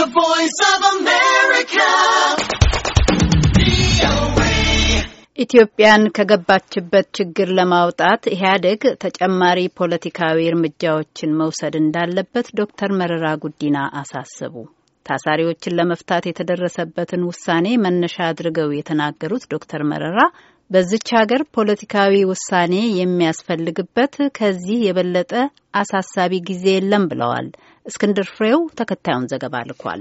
The Voice of America. ኢትዮጵያን ከገባችበት ችግር ለማውጣት ኢህአዴግ ተጨማሪ ፖለቲካዊ እርምጃዎችን መውሰድ እንዳለበት ዶክተር መረራ ጉዲና አሳሰቡ። ታሳሪዎችን ለመፍታት የተደረሰበትን ውሳኔ መነሻ አድርገው የተናገሩት ዶክተር መረራ በዚች ሀገር ፖለቲካዊ ውሳኔ የሚያስፈልግበት ከዚህ የበለጠ አሳሳቢ ጊዜ የለም ብለዋል። እስክንድር ፍሬው ተከታዩን ዘገባ ልኳል።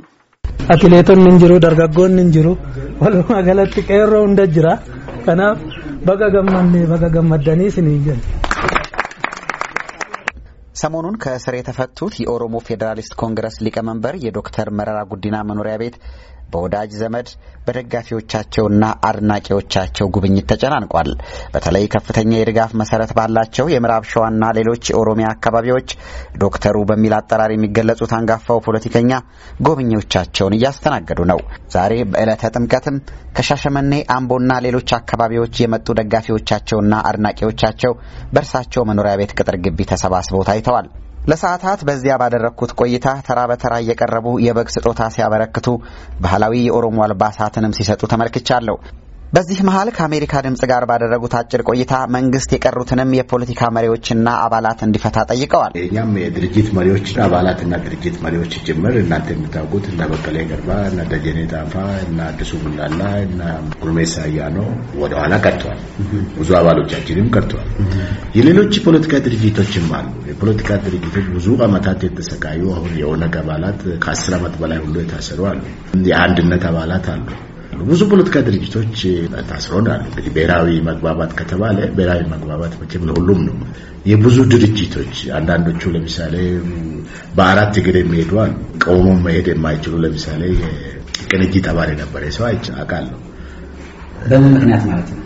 አትሌቶን እንጅሩ ደርጋጎን እንጅሩ ወልማ ገለጥ ቀሮ እንደጅራ ከናፍ በገገመን በገገመደኒ ስንጀን ሰሞኑን ከእስር የተፈቱት የኦሮሞ ፌዴራሊስት ኮንግረስ ሊቀመንበር የዶክተር መረራ ጉዲና መኖሪያ ቤት በወዳጅ ዘመድ በደጋፊዎቻቸውና አድናቂዎቻቸው ጉብኝት ተጨናንቋል። በተለይ ከፍተኛ የድጋፍ መሰረት ባላቸው የምዕራብ ሸዋና ሌሎች የኦሮሚያ አካባቢዎች ዶክተሩ በሚል አጠራር የሚገለጹት አንጋፋው ፖለቲከኛ ጎብኚዎቻቸውን እያስተናገዱ ነው። ዛሬ በዕለተ ጥምቀትም ከሻሸመኔ አምቦና ሌሎች አካባቢዎች የመጡ ደጋፊዎቻቸውና አድናቂዎቻቸው በእርሳቸው መኖሪያ ቤት ቅጥር ግቢ ተሰባስበው ታይተዋል። ለሰዓታት በዚያ ባደረግኩት ቆይታ ተራ በተራ እየቀረቡ የበግ ስጦታ ሲያበረክቱ ባህላዊ የኦሮሞ አልባሳትንም ሲሰጡ ተመልክቻለሁ። በዚህ መሀል ከአሜሪካ ድምጽ ጋር ባደረጉት አጭር ቆይታ መንግስት የቀሩትንም የፖለቲካ መሪዎችና አባላት እንዲፈታ ጠይቀዋል። እኛም የድርጅት መሪዎች አባላትና ድርጅት መሪዎች ጭምር እናንተ የምታውቁት እነ በቀለ ገርባ እና ደጀኔ ጣፋ እና አዲሱ ቡላላ እና ጉርሜሳ አያኖ ወደኋላ ቀርተዋል። ብዙ አባሎቻችንም ቀርተዋል። የሌሎች የፖለቲካ ድርጅቶችም አሉ። የፖለቲካ ድርጅቶች ብዙ አመታት የተሰቃዩ አሁን የኦነግ አባላት ከአስር አመት በላይ ሁሉ የታሰሩ አሉ። የአንድነት አባላት አሉ። ይችላሉ። ብዙ ፖለቲካ ድርጅቶች ታስሮ አሉ። እንግዲህ ብሔራዊ መግባባት ከተባለ ብሔራዊ መግባባት መቼም ለሁሉም ነው። የብዙ ድርጅቶች አንዳንዶቹ ለምሳሌ በአራት እግር የሚሄዱ አሉ። ቀውሞ መሄድ የማይችሉ ለምሳሌ ቅንጅት አባል የነበረ ሰው አውቃለሁ። በምን ምክንያት ማለት ነው?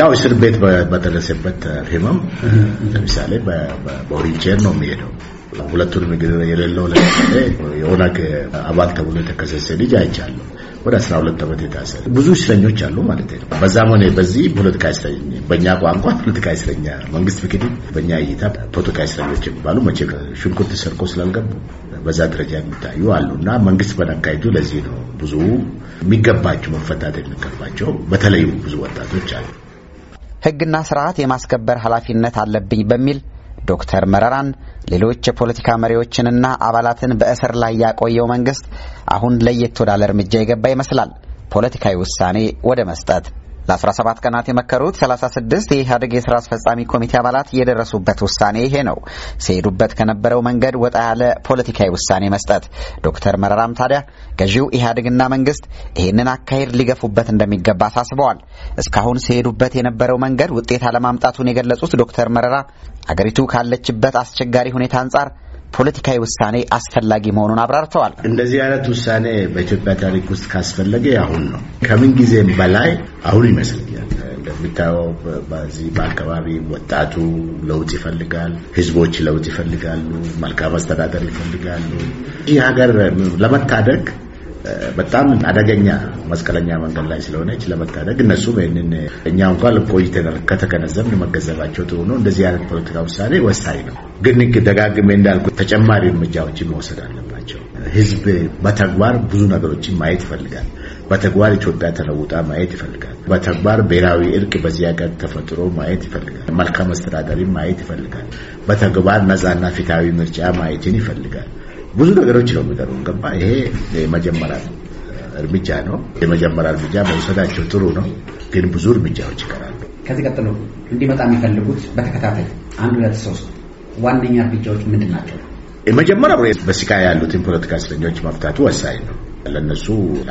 ያው እስር ቤት በደረሰበት ህመም ለምሳሌ በዊልቼር ነው የሚሄደው። ሁለቱንም እግር የሌለው ለምሳሌ የኦነግ አባል ተብሎ የተከሰሰ ልጅ አይቻለሁ። ወደ 12 ዓመት የታሰረ ብዙ እስረኞች አሉ ማለት ነው። በዛም ሆነ በዚህ ፖለቲካ እስረኛ፣ በእኛ ቋንቋ ፖለቲካ እስረኛ፣ መንግስት ፍቅድ በእኛ እይታ ፖለቲካ እስረኞች የሚባሉ መቼ ሽንኩርት ሰርቆ ስላልገቡ በዛ ደረጃ የሚታዩ አሉና መንግስት በነካይቱ ለዚህ ነው ብዙ የሚገባቸው መፈታት የሚገባቸው በተለዩ ብዙ ወጣቶች አሉ። ህግና ስርዓት የማስከበር ኃላፊነት አለብኝ በሚል ዶክተር መረራን ሌሎች የፖለቲካ መሪዎችንና አባላትን በእስር ላይ ያቆየው መንግስት አሁን ለየት ወዳለ እርምጃ የገባ ይመስላል ፖለቲካዊ ውሳኔ ወደ መስጠት ለ17 ቀናት የመከሩት 36 የኢህአዴግ የስራ አስፈጻሚ ኮሚቴ አባላት የደረሱበት ውሳኔ ይሄ ነው። ሲሄዱበት ከነበረው መንገድ ወጣ ያለ ፖለቲካዊ ውሳኔ መስጠት። ዶክተር መረራም ታዲያ ገዢው ኢህአዴግና መንግስት ይህንን አካሄድ ሊገፉበት እንደሚገባ አሳስበዋል። እስካሁን ሲሄዱበት የነበረው መንገድ ውጤት አለማምጣቱን የገለጹት ዶክተር መረራ አገሪቱ ካለችበት አስቸጋሪ ሁኔታ አንጻር ፖለቲካዊ ውሳኔ አስፈላጊ መሆኑን አብራርተዋል። እንደዚህ አይነት ውሳኔ በኢትዮጵያ ታሪክ ውስጥ ካስፈለገ አሁን ነው። ከምን ጊዜም በላይ አሁን ይመስለኛል። እንደምታየው በዚህ በአካባቢ ወጣቱ ለውጥ ይፈልጋል። ህዝቦች ለውጥ ይፈልጋሉ። መልካም አስተዳደር ይፈልጋሉ። ይህ ሀገር ለመታደግ በጣም አደገኛ መስቀለኛ መንገድ ላይ ስለሆነች ለመታደግ እነሱም ይህንን እኛ እንኳን ቆይተን ከተገነዘብ መገንዘባቸው ጥሩ ነው። እንደዚህ አይነት ፖለቲካ ውሳኔ ወሳኝ ነው። ግን ደጋግሜ እንዳልኩ ተጨማሪ እርምጃዎች መውሰድ አለባቸው። ህዝብ በተግባር ብዙ ነገሮችን ማየት ይፈልጋል። በተግባር ኢትዮጵያ ተለውጣ ማየት ይፈልጋል። በተግባር ብሔራዊ እርቅ በዚህ ሀገር ተፈጥሮ ማየት ይፈልጋል። መልካም አስተዳደሪ ማየት ይፈልጋል። በተግባር ነጻና ፊታዊ ምርጫ ማየትን ይፈልጋል። ብዙ ነገሮች ነው የሚቀሩ ገባ። ይሄ የመጀመሪያ እርምጃ ነው። የመጀመሪያ እርምጃ መውሰዳቸው ጥሩ ነው፣ ግን ብዙ እርምጃዎች ይቀራሉ። ከዚህ ቀጥሎ እንዲመጣ የሚፈልጉት በተከታታይ አንድ ሁለት ሶስት ዋነኛ እርምጃዎች ምንድን ናቸው? የመጀመሪያ በስቃይ ያሉትን ፖለቲካ እስረኞች መፍታቱ ወሳኝ ነው። ለነሱ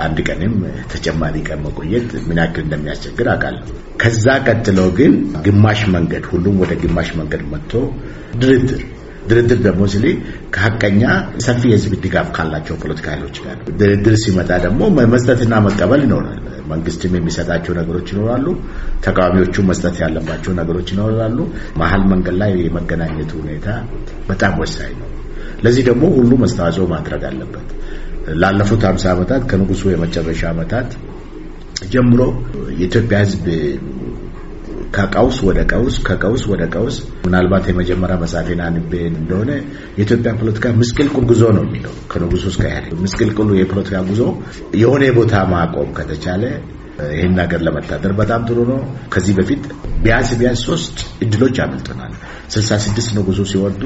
አንድ ቀንም ተጨማሪ ቀን መቆየት ምን ያክል እንደሚያስቸግር አውቃለሁ። ከዛ ቀጥሎ ግን ግማሽ መንገድ ሁሉም ወደ ግማሽ መንገድ መጥቶ ድርድር ድርድር ደግሞ ሲል ከሀቀኛ ሰፊ የህዝብ ድጋፍ ካላቸው ፖለቲካ ኃይሎች ጋር ድርድር ሲመጣ ደግሞ መስጠትና መቀበል ይኖራል። መንግስትም የሚሰጣቸው ነገሮች ይኖራሉ። ተቃዋሚዎቹ መስጠት ያለባቸው ነገሮች ይኖራሉ። መሀል መንገድ ላይ የመገናኘቱ ሁኔታ በጣም ወሳኝ ነው። ለዚህ ደግሞ ሁሉም አስተዋጽኦ ማድረግ አለበት። ላለፉት አምሳ ዓመታት ከንጉሱ የመጨረሻ ዓመታት ጀምሮ የኢትዮጵያ ህዝብ ከቀውስ ወደ ቀውስ ከቀውስ ወደ ቀውስ ምናልባት የመጀመሪያ መጽሐፌን አንቤ እንደሆነ የኢትዮጵያ ፖለቲካ ምስቅልቅል ጉዞ ነው የሚለው ከንጉሱ እስከ ኢህአዴግ ምስቅልቅሉ የፖለቲካ ጉዞ የሆነ ቦታ ማቆም ከተቻለ ይህን ነገር ለመታደር በጣም ጥሩ ነው። ከዚህ በፊት ቢያንስ ቢያንስ ሶስት እድሎች አመልጥናል። 66 ንጉሱ ሲወርዱ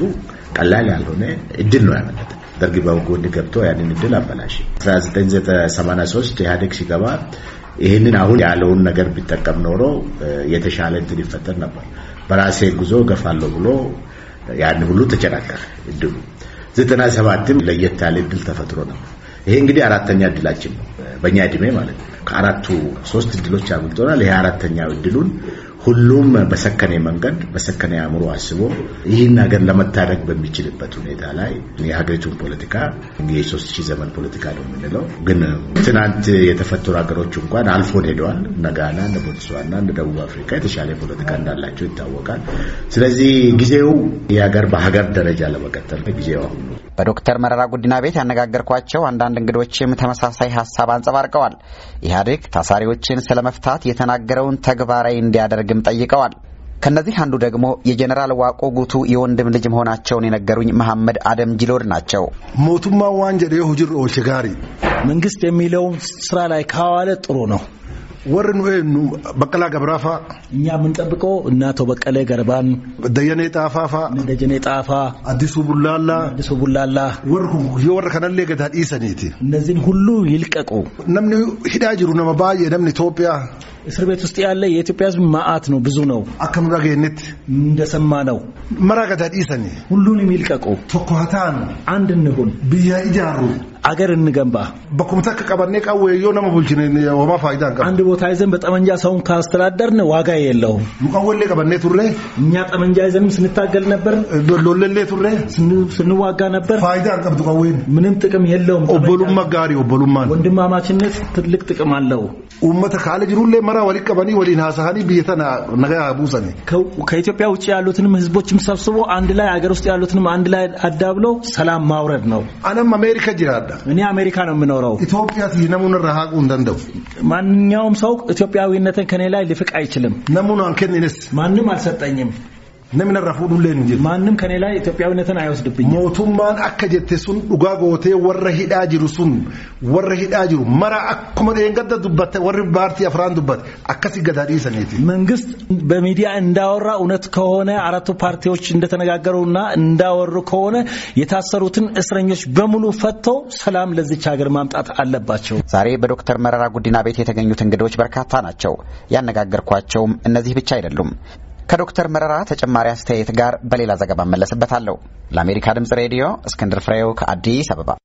ቀላል ያልሆነ እድል ነው ያመለጠ ደርግ በጎን ገብቶ ያንን እድል አበላሽ። 1983 ኢህአዴግ ሲገባ ይህንን አሁን ያለውን ነገር ቢጠቀም ኖሮ የተሻለ እንትን ይፈጠር ነበር። በራሴ ጉዞ ገፋለሁ ብሎ ያን ሁሉ ተጨናቀፈ እድሉ። ዘጠና ሰባትም ለየት ያለ እድል ተፈጥሮ ነበር። ይሄ እንግዲህ አራተኛ እድላችን ነው በእኛ እድሜ ማለት ነው። ከአራቱ ሶስት እድሎች አብልጦናል። ይሄ አራተኛው እድሉን ሁሉም በሰከነ መንገድ በሰከነ አእምሮ አስቦ ይህን ሀገር ለመታደግ በሚችልበት ሁኔታ ላይ የሀገሪቱን ፖለቲካ የሶስት ሺህ ዘመን ፖለቲካ ነው የምንለው። ግን ትናንት የተፈጠሩ ሀገሮች እንኳን አልፎን ሄደዋል። እነ ጋና፣ እነ ቦትስዋና፣ እነ ደቡብ አፍሪካ የተሻለ ፖለቲካ እንዳላቸው ይታወቃል። ስለዚህ ጊዜው የሀገር በሀገር ደረጃ ለመቀጠል ጊዜው አሁን በዶክተር መረራ ጉዲና ቤት ያነጋገርኳቸው አንዳንድ እንግዶችም ተመሳሳይ ሀሳብ አንጸባርቀዋል። ኢህአዴግ ታሳሪዎችን ስለ መፍታት የተናገረውን ተግባራዊ እንዲያደርግም ጠይቀዋል። ከእነዚህ አንዱ ደግሞ የጀኔራል ዋቆ ጉቱ የወንድም ልጅ መሆናቸውን የነገሩኝ መሐመድ አደም ጅሎድ ናቸው። ሞቱማ ዋንጀ ሁጅር ኦልቸጋሪ መንግስት የሚለው ስራ ላይ ካዋለ ጥሩ ነው። warri nu Baqqalaa Gabraafa. Nyaa የምንጠብቀው እና አቶ በቀለ ገርባን ደጀኔ ጣፋፋ ደጀኔ ጣፋ አዲሱ ቡላላ አዲሱ ቡላላ ወርሁ የወር ከነሌ ገዳ ኢሰኒቲ እነዚህን ሁሉ ይልቀቁ። ነምን ሂዳ ጅሩ ነመ ባየ ነምን ኢትዮጵያ እስር ቤት ውስጥ ያለ የኢትዮጵያ ሕዝብ ማአት ነው፣ ብዙ ነው። አከምራ ገነት እንደሰማ ነው። መራ ኢሰኒ ሁሉንም ይልቀቁ። ቶኮታን አንድ እንሁን ብያ ኢጃሩ አገር እንገንባ። በኩምታ ከቀበኔ ቀወዮ ነመ ቡልችነ ወማ ፋይዳ አንድ ቦታ ይዘን በጠመንጃ ሰውን ካስተዳደርን ዋጋ የለውም። ሙቀወሌ ቀበኔ ቱሬ እኛ ጠመንጃ ይዘንም ስንታገል ነበር። ሎለሌ ቱሬ ስንዋጋ ነበር። ፋይዳ አንቀብቱ ቀወይን ምንም ጥቅም የለውም። ኦቦሉማ ጋሪ ኦቦሉማን ወንድማማችነት ትልቅ ጥቅም አለው። ኡመተ ካለ ጅሩሌ መራ ወሊ ቀበኒ ወሊ ናሳሃኒ ብየተና ነገ ቡሰኒ ከኢትዮጵያ ውጭ ያሉትንም ህዝቦችም ሰብስቦ አንድ ላይ አገር ውስጥ ያሉትንም አንድ ላይ አዳብሎ ሰላም ማውረድ ነው። አለም አሜሪካ ጅራድ እኔ አሜሪካ ነው የምኖረው። ኢትዮጵያ ነሙን ረሃቁ እንደንደው ማንኛውም ሰው ኢትዮጵያዊነትን ከኔ ላይ ሊፍቅ አይችልም። ነሙን አንከን ማንም አልሰጠኝም። namni rafuu dhullee hin jiru. Maannim kan ilaa Itoophiyaawwannetan ayyoosdubbin. Mootummaan akka jette sun dhugaa gootee warra hidhaa jiru sun warra hidhaa jiru mara akkuma dheengadda dubbatte warri baartii afraan dubbatte akkasi gadaa dhiisaniiti. መንግስት በሚዲያ እንዳወራ እውነት ከሆነ አራቱ ፓርቲዎች እንደተነጋገሩና እንዳወሩ ከሆነ የታሰሩትን እስረኞች በሙሉ ፈተው ሰላም ለዚች ሀገር ማምጣት አለባቸው። ዛሬ በዶክተር መረራ ጉዲና ቤት የተገኙት እንግዶች በርካታ ናቸው። ያነጋገርኳቸውም እነዚህ ብቻ አይደሉም። ከዶክተር መረራ ተጨማሪ አስተያየት ጋር በሌላ ዘገባ እመለስበታለሁ። ለአሜሪካ ድምጽ ሬዲዮ እስክንድር ፍሬው ከአዲስ አበባ